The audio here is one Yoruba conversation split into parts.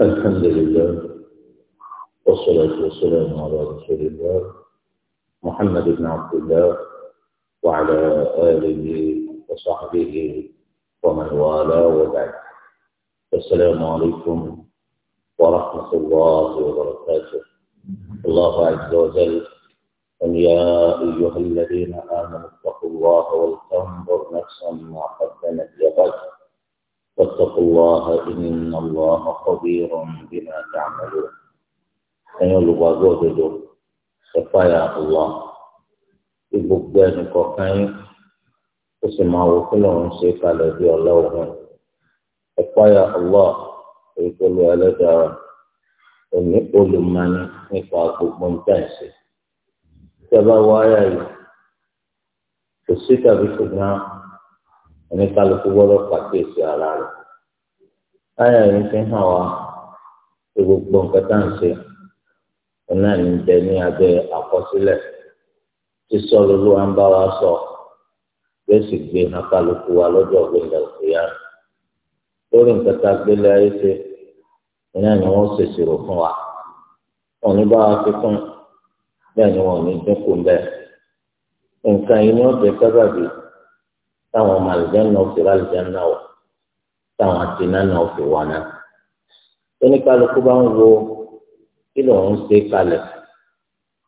الحمد لله والصلاة والسلام على رسول الله محمد بن عبد الله وعلى آله وصحبه ومن والاه وبعد السلام عليكم ورحمة الله وبركاته الله عز وجل قل يا أيها الذين آمنوا اتقوا الله ولتنظر نفسا ما قدمت لغد واتقوا الله إن الله خبير بما تعملون ẹ̀yin olùgbàgbọ́ òdodo ṣẹ̀fáyà Allah ìgbògbò ẹnìkọ̀ọ̀kan yín ó sì máa wò kí lòun ṣe kalẹ̀ bí ọlọ́run ẹ̀fáyà Allah ìpolówó ẹlẹ́dàá òní olùmọ̀ni nípa gbogbo ntẹ̀sí ìjọba wáyà yìí kò sí tàbí ṣùgbọ́n oníkálukú gbọ́dọ̀ pàkíyèsí ara rẹ̀ táyà yìí fi hàn wá pé gbogbo nǹkan tá à ń ṣe náà ní bẹ ní abẹ́ àkọsílẹ̀ tí sọlọ ló wá ń bá wa sọ yóò sì gbé hàn wa lọ́jọ́ ọgbẹni ọgbẹyà lórí nǹkan tá a gbélé ayé ṣe náà ni wọ́n ṣèṣirò fún wa wọn ní bá wa fi kún bẹ́ẹ̀ ni wọn ò ní dínkù bẹ́ẹ̀ nǹkan yìí ni wọ́n jẹ sábàbí táwọn ọmọ àlùjẹ náà fi rà àlùjẹ náà wọ táwọn àti nánà òfin wà náà oníkálukú bá ń wo kí lòun ṣe kalẹ̀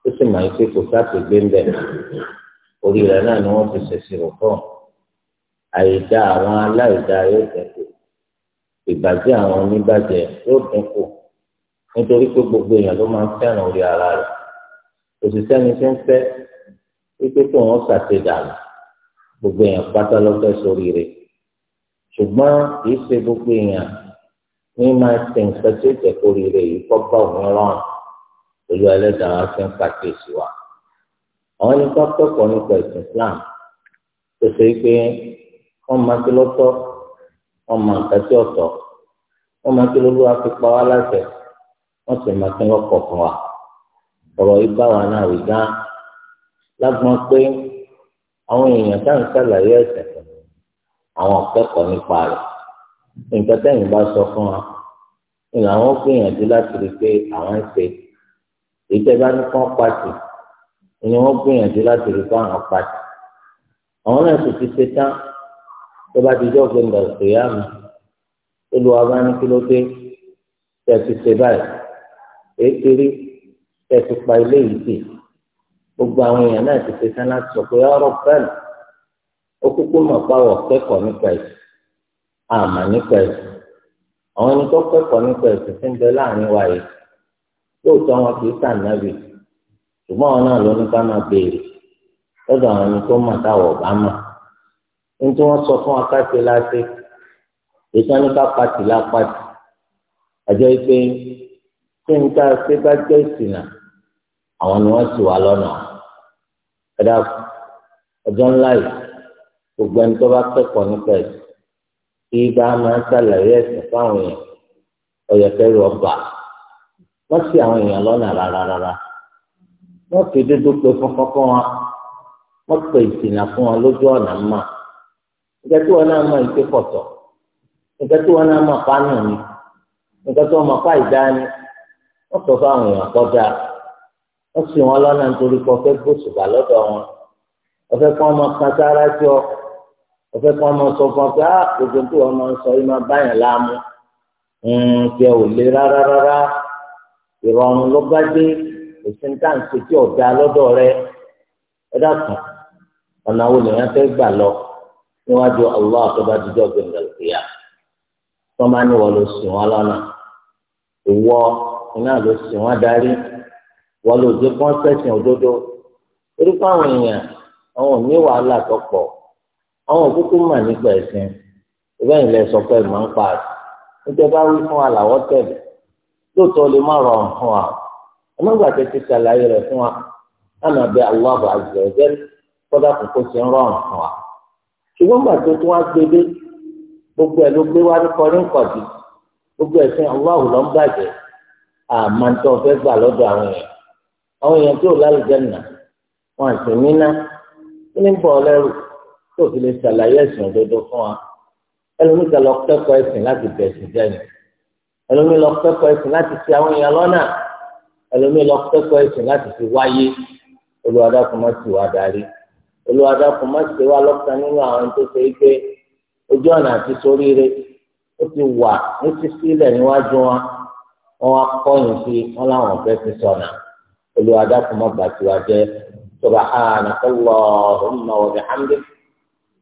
ó sì máa ń pé kò sáàtì gbé ń bẹ̀ orí rẹ̀ náà ni wọ́n fi ṣẹ̀ṣẹ̀ rò fún àìdá àwọn aláìdá yóò dẹ̀kọ̀ ìbàjẹ́ àwọn oníbàjẹ́ yóò dínkù nítorí pé gbogbo èèyàn ló máa ń fẹ́ràn orí ara rẹ̀ òṣìṣẹ́ ni ṣe ń fẹ́ wípé kí wọ́n ṣàṣedànù gbogbo èèyàn pátá ló sórí rẹ̀ ṣùgbọ́n kìí ṣe gbogbo èèyàn ní máa ṣe nǹkan tó jẹ́ kórìíre yìí kọ́ bá òun rán olú ẹlẹ́dàá wá fi ń pàkíyèsí wa. àwọn ní ká kẹ́kọ̀ọ́ nípa ẹ̀sìn Islam tó ṣe pé wọ́n máa ti lọ́tọ́ wọ́n máa ń kẹ́tí ọ̀tọ̀ wọ́n máa ti lọ́lọ́ wa fi pa wá láṣẹ wọ́n sì máa ti lọ́kọ̀ fún wa. ọ̀rọ̀ yìí bá wa náà rí gán lágbọ́n pé àwọn èèyàn táwọn ṣàlàyé àwọn akẹ́kọ̀ọ́ nípa rẹ̀ nǹkan tẹ́yìn bá sọ fún wa ni àwọn gbìyànjú láti rí i pé àwọn ń ṣe ìjẹba ní kán pàṣẹ ni wọ́n gbìyànjú láti rí i pé àwọn pàṣẹ àwọn náà sì ti ṣe tán tó bá ti jọ́ gbẹ̀ngà ìṣòyà mi olùwà bá ní kí ló dé tẹ̀ ti ṣe báyìí èkéré tẹ̀ ti pa ilé yìí sí gbogbo àwọn èèyàn náà ti ṣe tán láti sọ pé ọ̀rọ̀ bẹ́ẹ̀ ó kúkú mọ̀ páwọ̀ kẹ́kọ̀ọ́ nípa ẹ̀sìn àmà nípa ẹ̀sìn àwọn ẹni tó kẹ́kọ̀ọ́ nípa ẹ̀sìn ti ń bẹ láàrin wa yìí lóòótọ́ wọn kì í sàn nábì ṣùgbọ́n àwọn náà ló ní ká máa béèrè lọ́dọ̀ àwọn ẹni tó mà táwọ̀ bá mà ní tí wọ́n sọ fún akáṣe láṣẹ ètò nípa pàtì lápàtì àjọ ìpè tí n ta ṣe bá jẹ́ ìsìnà àwọn ni wọ́n sì wá lọ́nà ẹ̀dá ọjọ́ ńlá yìí. gbogbo ẹni tó bá kẹ́kọ̀ọ́ nípa ẹ̀ kí bá máa ṣàlàyé ẹ̀sìn fáwọn èèyàn ọ̀yẹ̀kẹ́rù ọba wọ́n sì àwọn èèyàn lọ́nà rárára wọ́n fi dúdú pé fún wọn wọ́n pè ìsìnà fún wọn lójú ọ̀nà mọ́ tí náà mọ pọ̀tọ̀ tí náà mọ ni tí mọ wọ́n sọ fáwọn èèyàn kọ́ dáa wọ́n sì ọ̀fẹ́ kan máa sọ fún ọ pé ah gbogbo tó wọn sọ yìí máa láàmú kí ò lé rárá rárá ìrọ̀rùn ló bá dé òsín lọ́dọ̀ rẹ ẹ ọ̀nà wo lèèyàn fẹ́ gbà lọ níwájú ìyá tó máa ló lọ́nà ìwọ iná ló darí wàhálà tó àwọn òkúkú mà nígbà ẹ̀sìn ìbẹ́ ìlẹ̀ sọ pé ìmọ̀ ń pa nítorí bá wí fún wa làwọ́ tẹ̀lé lóòótọ́ lè má rọrùn fún wa ọmọgbà tẹ ti ṣàlàyé rẹ̀ fún wa lánàá bẹ aláàbò àjẹjẹ kọ́dà kókó ti ń rọrùn fún wa ṣùgbọ́n gbà tó tún wá gbélé gbogbo ẹ̀ ló gbé wá ní kọrínkọ̀dì gbogbo ẹ̀sìn aláàbò ló ń bàjẹ́ àmàntọ́ fẹ́ gbà lọ́dọ̀ àwọn èèyàn àwọn èèyàn tí ò lálùjẹ́ nà wọn àti níná kí tó fi lè ṣàlàyé ẹ̀sìn òdodo fún wa ẹlòmíì kan lọ kẹ́kọ̀ọ́ ẹ̀sìn láti bẹ̀sìn jẹ́nu ẹlòmíì lọ kẹ́kọ̀ọ́ ẹ̀sìn láti fi àwọn èèyàn lọ́nà ẹlòmíì lọ kẹ́kọ̀ọ́ ẹ̀sìn láti fi wáyé olùwàdàkùn má sì wá darí olùwàdàkùn má sì wá lọ́kàn nínú àwọn tó ṣe é pé ojú ọ̀nà àti soríire ó ti wà ní sísílẹ̀ níwájú wọn wọn akọyìn sí wọn làwọn fẹ́ ti sọ̀nà olùwàdàkùn má gbàtiwájẹ́ subhanakallahumma wa bihamdik.